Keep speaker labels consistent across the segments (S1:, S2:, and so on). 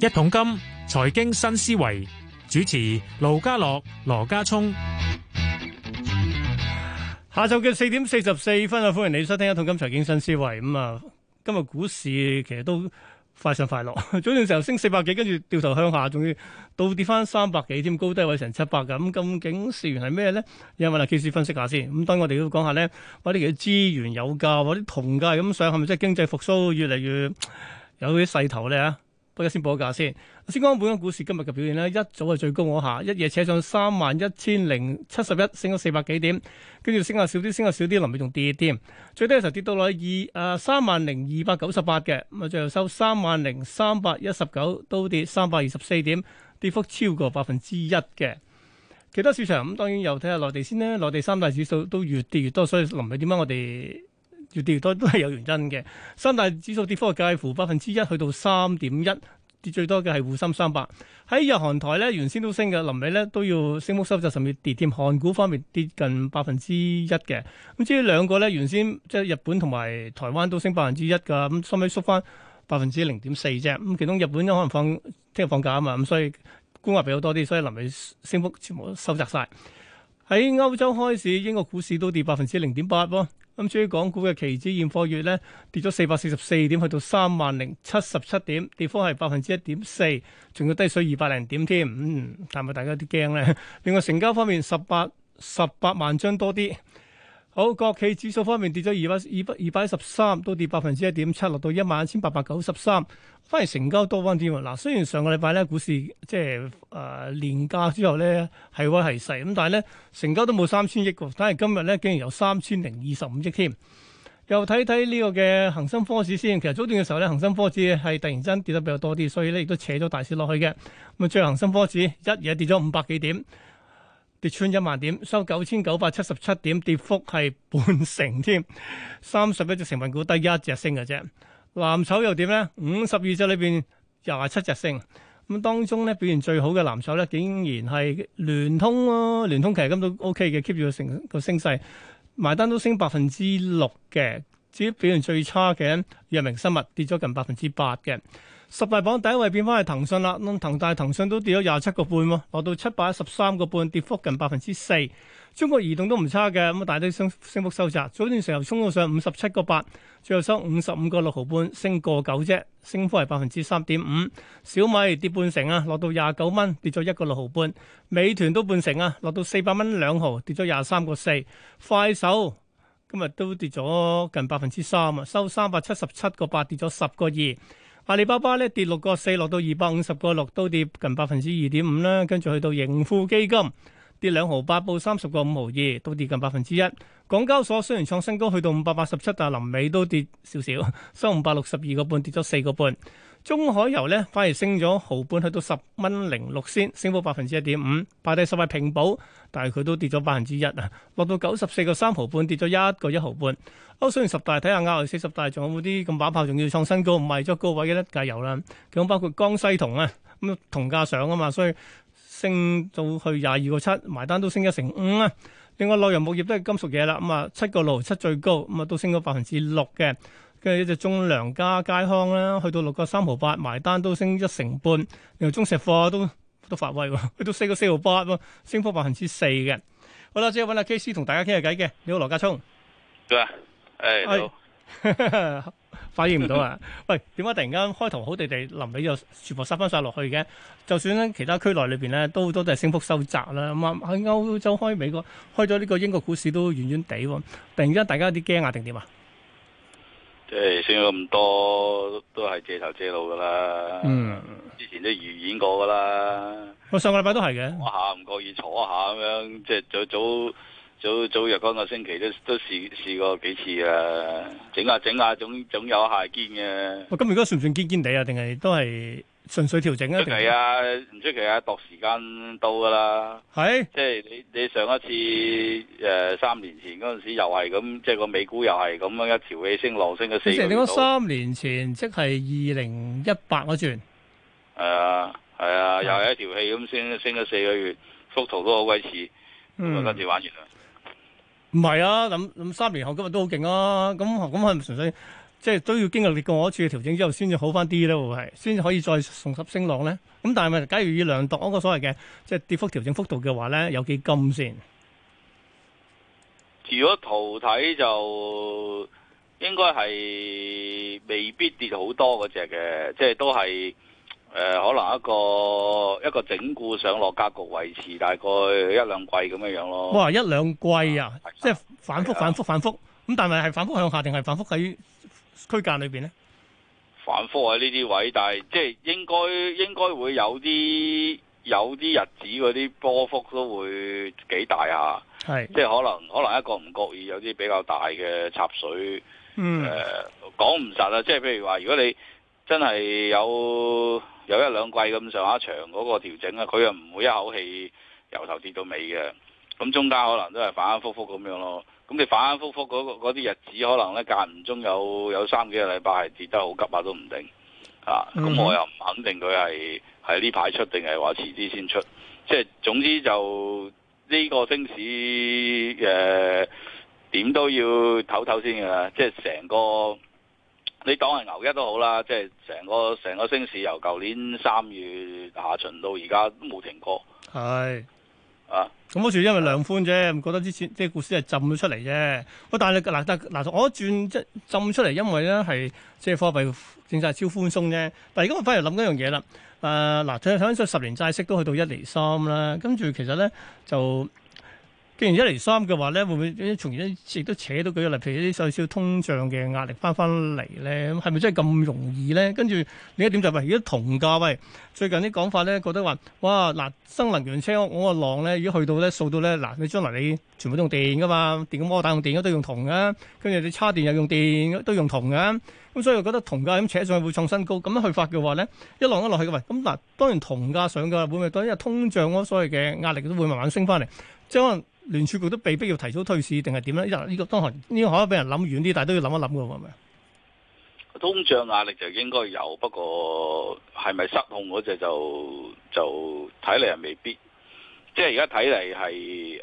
S1: 一桶金財經新思維，主持盧家樂、羅家聰，下晝嘅四點四十四分啊！歡迎你收聽一桶金財經新思維。咁、嗯、啊，今日股市其實都快上快落，早段時候升四百幾，跟住掉頭向下，仲要倒跌翻三百幾添，高低位成七百噶。咁、嗯、究竟事源係咩咧？有冇人開始分析下先？咁、嗯、等我哋都講下咧，或者其實資源有價，或者同價咁上，係咪即係經濟復甦越嚟越？有啲勢頭咧嚇，不如先報一價先。先講本港股市今日嘅表現咧，一早係最高嗰下，一夜扯上三萬一千零七十一，升咗四百幾點，跟住升下少啲，升下少啲，臨尾仲跌添。最低嘅時候跌到落去二啊三萬零二百九十八嘅，咁啊最後收三萬零三百一十九，都跌三百二十四點，跌幅超過百分之一嘅。其他市場咁、嗯、當然又睇下內地先啦。內地三大指數都越跌越多，所以臨尾點解我哋？越跌越多都係有原因嘅。三大指數跌幅介乎百分之一去到三點一，跌最多嘅係滬深三百。喺日韓台咧，原先都升嘅，臨尾咧都要升幅收窄，甚至跌添。韓股方面跌近百分之一嘅。咁、嗯、至於兩個咧，原先即係日本同埋台灣都升百分之一㗎，咁收尾縮翻百分之零點四啫。咁、嗯、其中日本可能放聽日放假啊嘛，咁所以沽壓比較多啲，所以臨尾升幅全部收窄晒。喺歐洲開市，英國股市都跌百分之零點八喎。咁至於港股嘅期指現貨月咧，跌咗四百四十四點，去到三萬零七十七點，跌幅係百分之一點四，仲要低水二百零點添。嗯，但係大家有啲驚咧？另外成交方面，十八十八萬張多啲。好，國企指數方面跌咗二百二百二百一十三，都跌百分之一點七，落到一萬一千八百九十三，反而成交多翻啲喎。嗱，雖然上個禮拜咧，股市即係誒連價之後咧係威係勢，咁但係咧成交都冇三千億嘅，但係今日咧竟然有三千零二十五億添。又睇睇呢個嘅恒生科指先，其實早段嘅時候咧，恒生科指係突然間跌得比較多啲，所以咧亦都扯咗大市落去嘅。咁啊，最後恒生科指一嘢跌咗五百幾點。跌穿一萬點，收九千九百七十七點，跌幅係半成添。三十一隻成分股，得一隻升嘅啫。藍籌又點咧？五十二隻裏邊廿七隻升，咁當中咧表現最好嘅藍籌咧，竟然係聯通咯。聯通其實今度 O K 嘅，keep 住個成個升勢，埋單都升百分之六嘅。至於表現最差嘅，藥明生物跌咗近百分之八嘅。十大榜第一位變翻係騰訊啦，騰大騰訊都跌咗廿七個半喎，落到七百一十三個半，跌幅近百分之四。中國移動都唔差嘅，咁啊大都升升幅收窄。早段時候衝到上五十七個八，最後收五十五個六毫半，升過九啫，升幅係百分之三點五。小米跌半成啊，落到廿九蚊，跌咗一個六毫半。美團都半成啊，落到四百蚊兩毫，跌咗廿三個四。快手今日都跌咗近百分之三啊，收三百七十七個八，跌咗十個二。阿里巴巴咧，跌六個四，落到二百五十個六，都跌近百分之二點五啦。跟住去到盈富基金跌兩毫八，報三十個五毫二，都跌近百分之一。港交所雖然創新高去到五百八十七，但係臨尾都跌少少，收五百六十二個半，跌咗四個半。中海油咧反而升咗毫半去到十蚊零六仙，升幅百分之一點五，排第十位平保，但係佢都跌咗百分之一啊，落到九十四個三毫半，跌咗一個一毫半。我數完十大，睇下亞游四十大仲有冇啲咁把炮，仲要創新高，唔賣咗高位嘅一戒油啦。咁包括江西銅啊，咁銅價上啊嘛，所以升到去廿二個七，埋單都升咗成五啦。另外內容木業都係金屬嘢啦，咁啊七個六七最高，咁啊都升咗百分之六嘅。跟住呢隻中糧家佳康啦，去到六個三毫八埋單，都升一成半。然後中石化都都發威喎，去到四個四毫八喎，升幅百分之四嘅。好啦，即係揾阿 KC 同大家傾下偈嘅。你好，羅家聰。
S2: 對啊，誒，係。
S1: 反應唔到啊！ 喂，點解突然間開頭好地地，臨尾又全部殺翻晒落去嘅？就算咧，其他區內裏邊咧，都都都係升幅收窄啦。咁啊，喺歐洲開美國開咗呢個英國股市都軟軟地喎。突然間，大家有啲驚啊，定點啊？
S2: 即係升咗咁多，都係借頭借腦噶啦。嗯，之前都預演過噶啦。
S1: 我上個禮拜都係嘅。我
S2: 下唔覺意坐下咁樣，即係早早早早日嗰個星期都、嗯嗯、星期都試試、啊、過幾次啊！整下整下，總總有下堅嘅。
S1: 我咁如果算唔算堅堅地啊？定係都係？純粹調整啊，係啊，
S2: 唔出奇啊，度時間到㗎喇，係是，即係你你上一次誒、呃、三年前嗰陣時又係咁，即係個美股又係咁樣一條氣升浪升咗四。主席，你講
S1: 三年前即係二零一八，嗰轉，
S2: 呃。係啊係啊，又係一條氣咁升升咗四個月，幅圖都好鬼似，跟住玩
S1: 完啦。唔係、嗯、啊，咁咁三年後今日都好勁啊，咁咁係唔純粹？即係都要經歷過我一次嘅調整之後，先至好返啲咯。係，先至可以再重拾升浪咧。咁但係，咪假如以量度嗰個所謂嘅即係跌幅調整幅度嘅話咧，有幾金先？
S2: 如果圖睇就應該係未必跌好多嗰隻嘅，即係都係誒、呃、可能一個一個整固上落格局維持大概一兩季咁樣樣咯。哇！一
S1: 兩季啊，啊即係反覆反覆反覆咁的，但係係反覆向下定係反覆喺？區間裏邊呢，
S2: 反覆喺呢啲位，但係即係應該應該會有啲有啲日子嗰啲波幅都會幾大下，係是即係可能可能一個唔覺意有啲比較大嘅插水，
S1: 嗯，呃，
S2: 講唔實啦，即係譬如話如果你真係有有一兩季咁上下長嗰個調整啊，佢又唔會一口氣由頭跌到尾嘅，咁中間可能都係反反复复咁樣咯。咁你反反覆覆嗰啲日子，可能咧間唔中有有三幾個禮拜係跌得好急啊，都唔定啊！咁我又唔肯定佢係係呢排出定係話遲啲先出。即係總之就呢個升市誒點都要唞唞先嘅啦。即係成個你當係牛一都好啦。即係成個成個升市由舊年三月下旬到而家都冇停過。
S1: 係。 嗯啊！咁好似因為量寬啫，唔覺得之前，啲故事係浸咗出嚟啫。我但係嗱得嗱，我一轉即浸出嚟，因為咧係即係貨幣政策超寬鬆啫。但係而家我翻嚟諗一樣嘢啦。誒、啊、嗱，睇睇翻出十年債息都去到一厘三啦，跟住其實咧就。既然一嚟三嘅話咧，會唔會從而亦都扯到舉例，譬如一啲少少通脹嘅壓力翻翻嚟咧？咁係咪真係咁容易咧？跟住另一點就係、是，如果銅價喂，最近啲講法咧覺得話，哇嗱，新能源車嗰個浪咧，如果去到咧數到咧，嗱你將來你全部都用電㗎嘛，電摩打用電都用銅嘅、啊，跟住你插電又用電都用銅嘅、啊，咁、嗯、所以我覺得銅價咁扯上去會創新高。咁樣去發嘅話咧，一浪一落去嘅喂，咁嗱，當然銅價上嘅會唔會多？因為通脹咯，所謂嘅壓力都會慢慢升翻嚟，即可能。聯儲局都被迫要提早退市，定係點咧？依個當然，呢個可能俾人諗遠啲，但係都要諗一諗噶，係咪
S2: 啊？通脹壓力就應該有，不過係咪失控嗰隻就就睇嚟係未必。即係而家睇嚟係誒、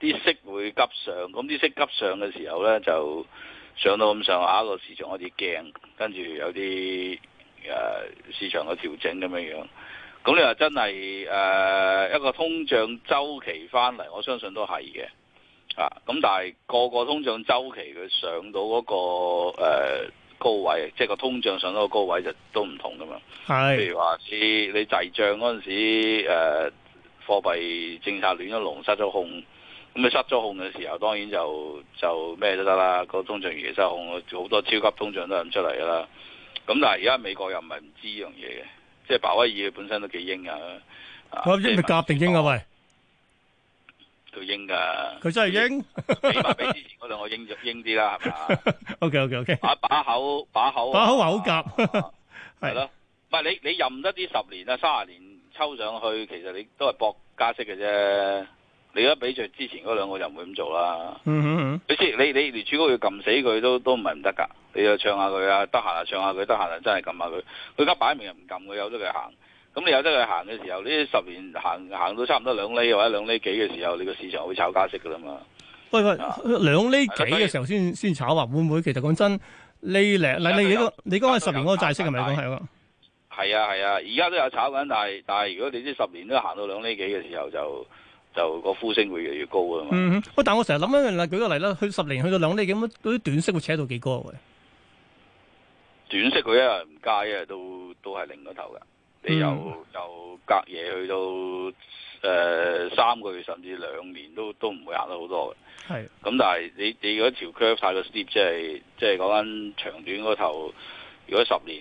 S2: 啲、呃、息會急上，咁、嗯、啲息急上嘅時候咧，就上到咁上下個市場，有啲驚，跟住有啲誒、呃、市場嘅調整咁樣樣。咁你話真係誒、呃、一個通脹周期翻嚟，我相信都係嘅，啊咁但係個個通脹周期佢上到嗰、個誒、呃、高位，即係個通脹上到個高位就都唔同噶嘛。係，譬如話你你滯脹嗰陣時誒貨幣政策亂咗龍，失咗控，咁你失咗控嘅時候，當然就就咩都得啦。個通脹而家失控，好多超級通脹都係咁出嚟㗎啦。咁但係而家美國又唔係唔知呢樣嘢嘅。即係鮑威爾，本身都幾英噶，啊！
S1: 佢英咪夾定英啊喂，
S2: 佢英噶，佢真係英，比埋比之前嗰兩個英英啲啦，係咪
S1: 啊？O K O K O K，把把
S2: 口，把口，把口話好夾，係咯，唔係你你任得啲十年啊，卅年抽上去，其實你都係博加息嘅啫。你而家比著之前嗰兩個就唔會咁做啦。你即你你連主哥要撳死佢都都唔係唔得㗎。你又唱下佢啊，得閒啊唱下佢，得閒啊真係撳下佢。佢而家擺明又唔撳佢，有得佢行。咁你有得佢行嘅時候，呢十年行行到差唔多兩厘或者兩厘幾嘅時候，你個市場會炒加息㗎啦嘛。喂
S1: 喂，兩厘幾嘅時候先先炒啊？會唔會其實講真，釐零嗱你你個你講係十年嗰個債息係咪講係喎？
S2: 係啊係啊，而家都有炒緊，但係但係如果你呢十年都行到兩厘幾嘅時候就。就、嗰個呼聲會越嚟越高啊嘛。嗯，
S1: 喂，但係我成日諗一樣啦，舉個例啦，去十年去到兩厘咁，嗰啲短息會扯到幾高嘅？
S2: 短息佢一日唔加一，一日都都係零嗰頭嘅。你由又、嗯、隔夜去到誒、呃、三個月，甚至兩年都都唔會壓得好多嘅。係是的。咁但係你你嗰條 curve 太過 steep 即係即係講緊長短嗰頭。如果十年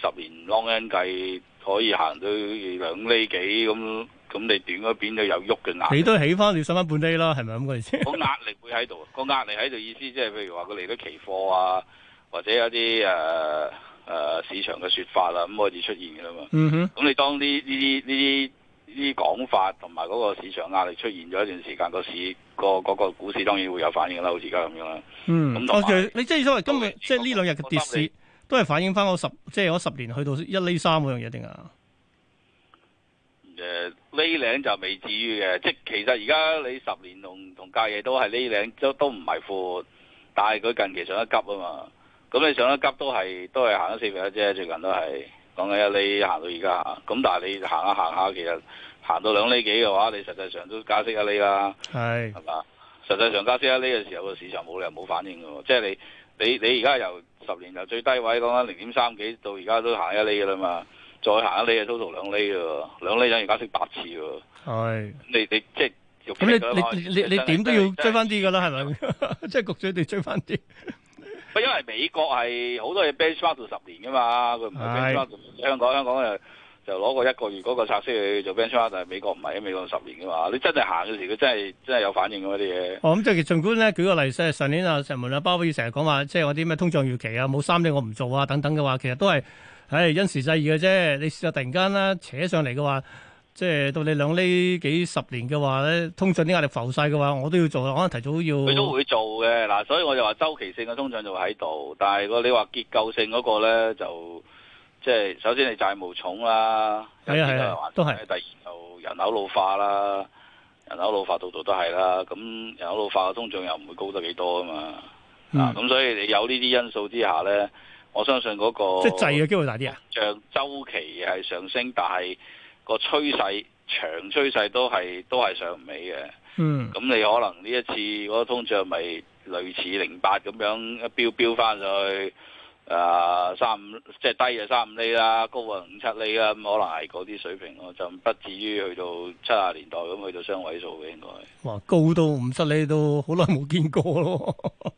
S2: 十年 long end 計可以行到兩厘幾咁。咁你短嗰邊都有喐嘅壓力，你都
S1: 起翻，你收蚊半低啦，係咪咁嘅意思？個 壓
S2: 力會喺度，個壓力喺度意思，即係譬如話佢嚟咗期貨啊，或者有啲誒誒市場嘅説法啦、啊，咁開始出現嘅啦嘛。嗯哼，咁你當呢呢啲呢啲講法同埋嗰個市場壓力出現咗一段時間，個市、個嗰、個股市當然會有反應啦，好似而家咁樣啦。
S1: 咁你即係所謂今日即係是呢兩日嘅跌市，都係反映翻我十即係嗰十年去到一厘三嗰樣嘢定啊？
S2: 誒，呢兩就未至於嘅，即係其實而家你十年同同隔夜都係呢兩都都唔係闊，但係佢近期上得急啊嘛，咁你上得急都係都係行咗四平一啫，最近都係講緊一釐行到而家，咁但係你行下行下，其實行到兩厘幾嘅話，你實際上都加息一釐啦，係係嘛？實際上加息一釐嘅時候，個市場冇理由冇反應㗎喎，即係你你你而家由十年由最低位講緊零點三幾到而家都行一釐㗎啦嘛。再行一厘啊都 total 兩厘啊。兩厘等而家升八次喎的。你你即係咁你你你你點都要追
S1: 翻啲㗎啦，係咪？即係焗住你追翻啲。
S2: 因為美國係好多嘢 benchmark 到十年㗎嘛，佢唔係香港，香港就攞個一個月嗰個測試去做 benchmark，但係美國唔係，美國十年㗎嘛。你真係行嗰時，佢真係真係有反應㗎啲嘢。哦，咁
S1: 即係儘管咧舉個例子，上年啊成門啊，包括要成日講話，即係嗰啲咩通脹預期啊，冇三釐我唔做啊，等等嘅話，其實都係。係因時制宜嘅啫，你試下突然間咧扯上嚟嘅話，即係到你兩呢幾十年嘅話咧，通脹啲壓力浮晒嘅話，我都要做可能提早要佢都會
S2: 做嘅嗱，所以我就話周期性嘅通脹就會喺度，但係如果你話結構性嗰個咧，就即係首先你債務重啦，
S1: 係係係都係，
S2: 第二就人口老化啦，人口老化度度都係啦，咁人口老化嘅通脹又唔會高得幾多啊嘛，
S1: 嗱咁、嗯啊、
S2: 所以你有呢啲因素之下咧。我相信嗰個即係滯嘅機會大啲啊！像週期係上升，但係個趨勢長趨勢都係都係上尾嘅。嗯，咁你可能呢一次嗰個通脹咪類似零八咁樣一飆飆翻上去啊，三五即係低就三五厘啦，高啊五七厘啦，咁可能係嗰啲水平咯，就不至於去到七十年代咁去到雙位數嘅應該。
S1: 哇，高到五七厘都好耐冇見過咯～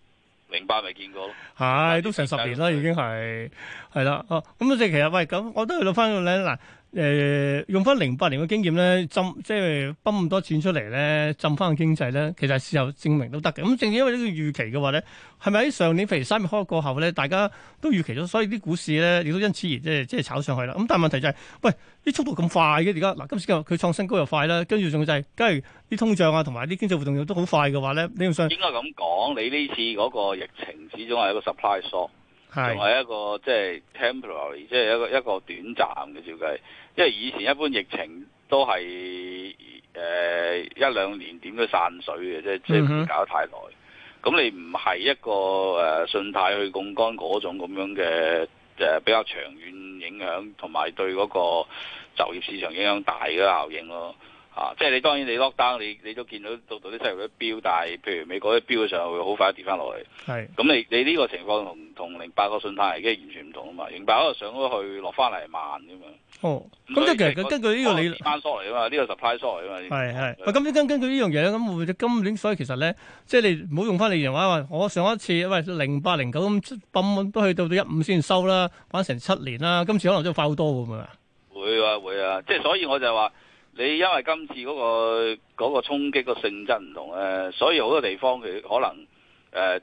S2: 咪見
S1: 過咯，係都成十年啦，已經係係啦哦，咁即係其實喂，咁我都去到翻個領嗱。誒、呃，用翻零八年嘅經驗咧，浸即係揼咁多錢出嚟咧，浸翻個經濟咧，其實事實證明都得嘅。咁正因為呢個預期嘅話咧，係咪喺上年譬如三月開過後咧，大家都預期咗，所以啲股市咧，亦都因此而即係即係炒上去啦。咁但係問題就係、是，喂，啲速度咁快嘅而家嗱，今次佢創新高又快啦，跟住仲要就係、是，跟住啲通脹啊，同埋啲經濟活動又都好快嘅話咧，你要想應該
S2: 咁講，你呢次嗰個疫情始終係一個 supply shock。同埋是一個即係、就是、temporary，即係一個一個短暫嘅，照計，因為以前一般疫情都係誒、呃、一兩年點樣散水嘅，即係即係唔搞得太耐。咁、嗯、哼你唔係一個誒瞬態去供幹信貸去槓桿嗰種咁樣嘅誒、呃、比較長遠影響，同埋對嗰個就業市場影響大嘅效應咯。啊！即係你當然你 lock down，你你都見到到度啲石油都飆，但係譬如美國啲飆嘅時候會好快跌翻落嚟。係咁是，你你呢個情況同同零八個信貸危機完全唔同啊嘛！零八嗰個上咗去落翻嚟慢嘅嘛。哦，咁即係其實根據呢個理論，貶縮嚟啊嘛，呢、呢個 supply 縮嚟
S1: 啊嘛。係係。咁依根據呢樣嘢，咁會唔會今年所以其實咧，即係你唔好用翻你原話話，我上一次喂零八零九咁，冚唪唥都去到到一五先收啦，玩成七年啦，今次可能真係快好多咁啊！
S2: 會啊會啊，即係所以我就係話。你因為今次嗰個嗰個衝擊個性質唔同咧，所以好多地方佢可能誒，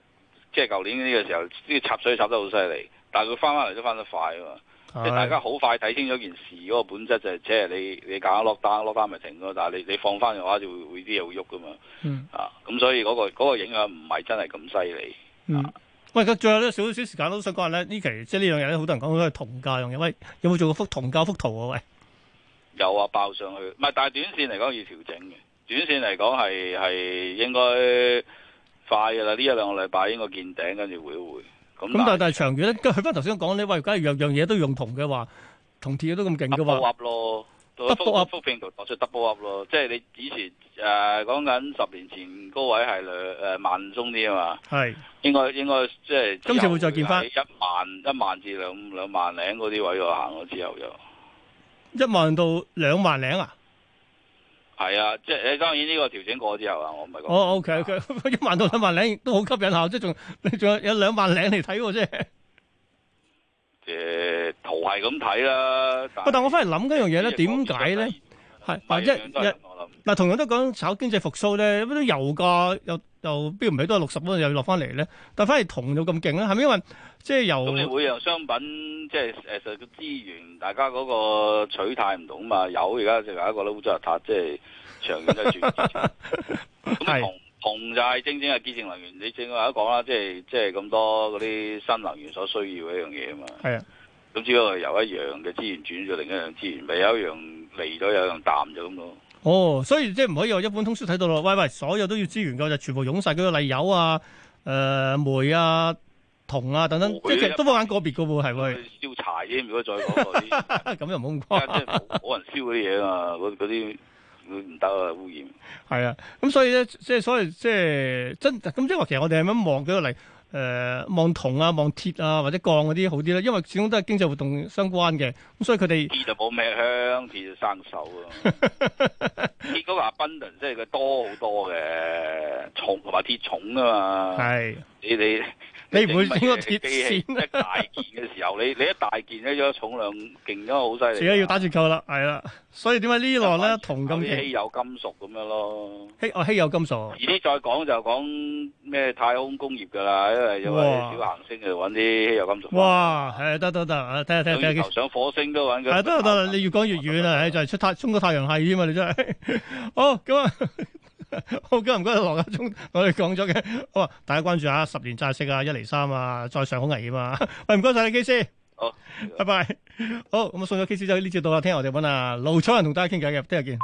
S2: 即係舊年呢個時候啲插水插得好犀利，但係佢翻翻嚟都翻得快啊嘛，即係大家好快睇清楚件事嗰個本質就係即係你你揀落單，落單咪停咯，但係你你放翻嘅話就會會啲嘢會喐噶嘛，啊，咁所以嗰個影響唔係真係咁犀利。
S1: 嗯，喂，咁最後呢，少少時間都想講下呢期即係呢兩日咧，好多人講都係銅價樣嘢，喂，有冇做過幅銅價幅圖啊？喂？
S2: 有啊，爆上去，唔係，但係短線嚟講要調整嘅。短線嚟講係係應該快㗎啦，呢一兩個禮拜應該見頂，跟住回一回。咁但係
S1: 長遠咧，跟佢翻頭先講咧，喂，假如樣樣嘢都用銅嘅話，銅鐵都咁勁嘅話 u p
S2: 咯 u p 幅幅幅出 double up 咯，up 即係你以前誒講緊十年前高位係誒萬中啲啊嘛，係是應該應該即係。今次會再見翻一萬一萬至兩兩萬零啲位度行咗之後就。
S1: 一萬到兩萬零啊，
S2: 係啊，即係你當然呢個調整過之後啊，我唔係
S1: 講。哦，O K，佢一萬到兩萬零都好吸引啊，即係仲，你仲有有兩萬零嚟睇喎，即
S2: 係。誒，圖係咁睇啦，但係我翻嚟諗嗰樣嘢咧，點解咧？係，或一一。
S1: 嗱，同樣都講炒經濟復甦咧，乜都油價又又標唔係多六十蚊，又要落翻嚟咧，但係反而銅又咁勁啦，係咪因為即係油？你每樣
S2: 商品，即係誒實個資源，大家嗰個取態唔同啊嘛。油而家就係一個咧烏糟塔，即、就、係、是、長遠都轉,轉。咁啊，銅就係正正係潔淨能源，你正話一講啦，即係即係咁多嗰啲新能源所需要一,、啊、一,一樣嘢啊嘛。係啊，咁只不過係由一樣嘅資源轉咗另一樣資源，咪有一樣嚟咗，有一,有一,有一淡樣淡咗咁咯。
S1: 哦，所以即係唔可以話一本通書睇到咯。喂喂，所有都要資源嘅就是、全部湧晒嗰個瀨油啊、誒、呃、煤啊、銅啊等等，即係都幫眼個別嘅喎，係咪？
S2: 燒柴啫，如果再講，咁又冇咁即誇。即係冇人燒嗰啲嘢啊嘛，嗰啲唔得啊，污染。
S1: 係啊，咁、嗯、所以咧，即係所以即係真咁即係話，其實我哋係咁望嗰個瀨。誒望銅啊，望鐵啊，或者鋼嗰、啊、啲、啊啊、好啲啦，因為始終都係經濟活動相關嘅，咁所以佢哋鐵
S2: 就冇咩香，香 鐵就生鏽啊。結果阿賓頓即係佢多好多嘅銅同埋鐵重啊嘛。係是你你。你唔會整個鐵線，一大件嘅時候，你你一大件咧，重量勁咗好犀利。而家要打折
S1: 扣啦，係啦。所以點解呢輪咧，同金稀
S2: 有金屬咁樣咯？
S1: 稀哦，稀有金屬。而
S2: 啲再講就講咩太空工業噶啦，因為又係小行星就揾啲稀有金屬。哇！
S1: 係得得得，
S2: 睇下睇下睇下。去上火星都揾。係得
S1: 得啦，你越講越遠啦，唉，就係出太衝過太陽系添啊嘛，你真係。哦，咁啊。 好，今日唔該，羅家聰，我哋講咗嘅，好啊，大家關注下十年債息啊，一厘三啊，再上好危險啊，喂，唔該晒你，KC，哦，好，拜拜，好，咁啊，送咗 KC 就呢節到啦，聽日我哋揾啊盧楚人同大家傾偈嘅，聽日見。